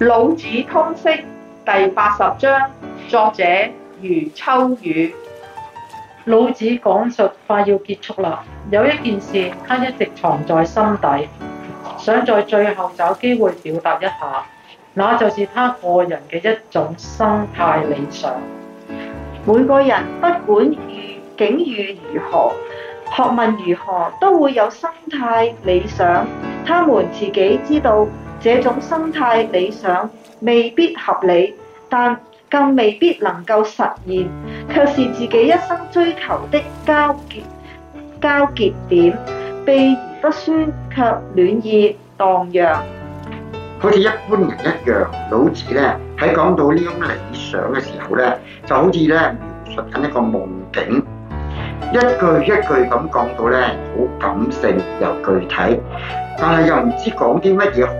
《老子通釋》第八十章，作者余秋雨。老子講述快要結束啦，有一件事他一直藏在心底，想在最後找機會表達一下，那就是他個人嘅一種生態理想。每個人不管境遇如何，學問如何，都會有生態理想，他們自己知道。這種生態理想未必合理，但更未必能夠實現，卻是自己一生追求的交結交結點。避而不宣，卻暖意盪漾。好似一般人一樣，好似咧喺講到呢種理想嘅時候咧，就好似咧描述緊一個夢境，一句一句咁講到咧，好感性又具體，但係又唔知講啲乜嘢。好。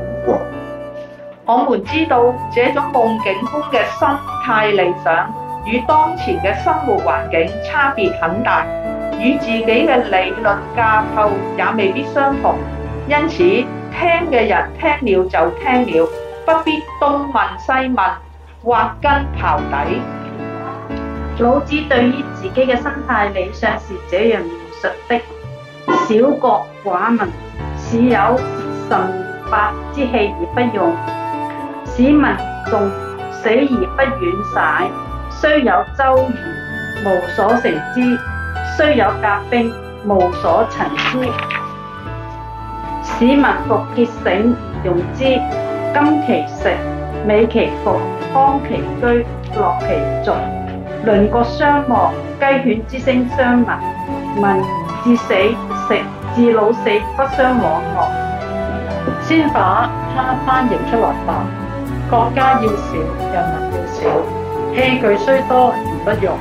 我們知道這種夢境般嘅心態理想，與當前嘅生活環境差別很大，與自己嘅理論架構也未必相同。因此，聽嘅人聽了就聽了，不必東問西問，挖根刨底。老子對於自己嘅生態理想是這樣描述的：小國寡民，使有神。八之器而不用，使民重死而不遠徙。雖有舟輿，無所乘之；雖有甲兵，無所陳之。使民復結繩而用之。甘其食，美其服，安其居，樂其俗。鄰國相望，雞犬之聲相聞，民至死，食至老死不相往來。先把它翻譯出來吧。國家要小，人民要少，器具雖多而不用，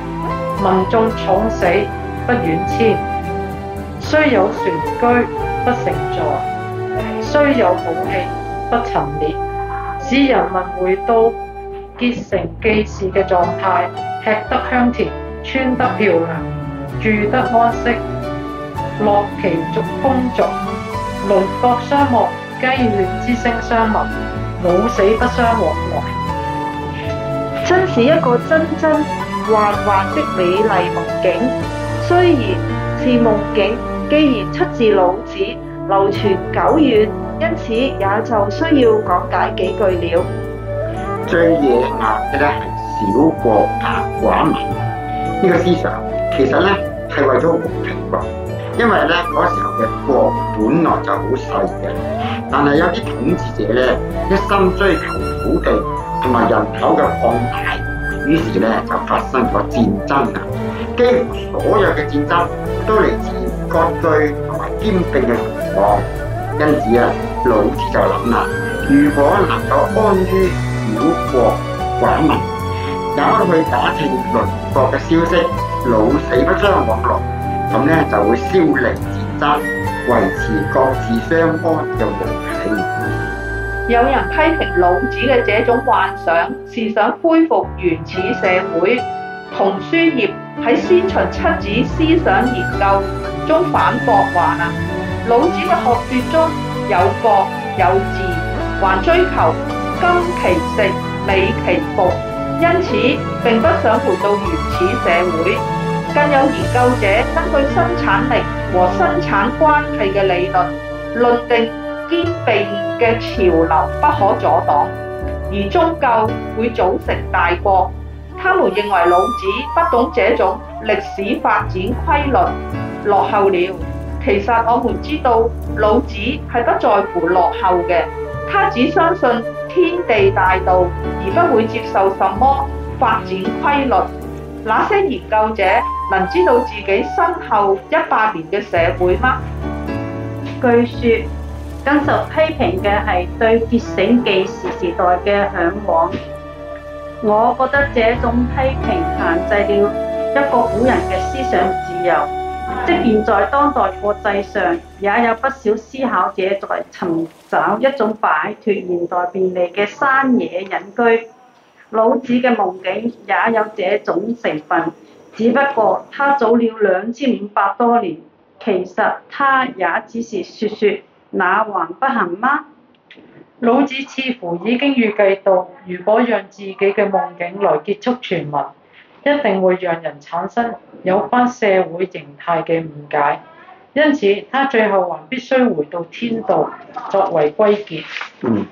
民眾重死不遠遷。雖有船居不成坐，雖有寶器不陳列，使人民回到結繩記事嘅狀態，吃得香甜，穿得漂亮，住得安適，樂其俗風俗，鄰國相望。雞犬之聲相聞，老死不相往來，真是一個真真幻幻的美麗夢境。雖然是夢境，既然出自老子，流傳久遠，因此也就需要講解幾句了。最野蠻嘅咧係小國寡民呢、這個思想，其實咧係為咗平衡。因為咧嗰時候嘅國本來就好細嘅，但係有啲統治者呢，一心追求土地同埋人口嘅擴大，於是呢就發生咗戰爭啊！幾乎所有嘅戰爭都嚟自割據同埋兼併嘅情況，因此啊，老子就諗啦：如果能夠安於小國寡民，也不去打聽鄰國嘅消息，老死不相往來。咁咧就會消弭戰爭，維持各自相關嘅武器。有人批評老子嘅這種幻想是想恢復原始社會。童書業喺《先秦七子思想研究》中反駁話老子嘅學説中有國有治，還追求甘其食，美其服，因此並不想回到原始社會。更有研究者根據生產力和生產關係嘅理論，論定兼併嘅潮流不可阻擋，而終究會組成大國。他們認為老子不懂這種歷史發展規律，落後了。其實我們知道老子係不在乎落後嘅，他只相信天地大道，而不會接受什麼發展規律。那些研究者，能知道自己身後一百年嘅社會嗎？據說，更受批評嘅係對結繩記事時代嘅向往。我覺得這種批評限制了一個古人嘅思想自由。即便在當代國際上，也有不少思考者在尋找一種擺脱現代便利嘅山野隱居。老子嘅夢境也有這種成分。只不過他早了兩千五百多年，其實他也只是說說，那還不行嗎？老子似乎已經預計到，如果讓自己嘅夢境來結束全文，一定會讓人產生有關社會形態嘅誤解，因此他最後還必須回到天道作為歸結。嗯。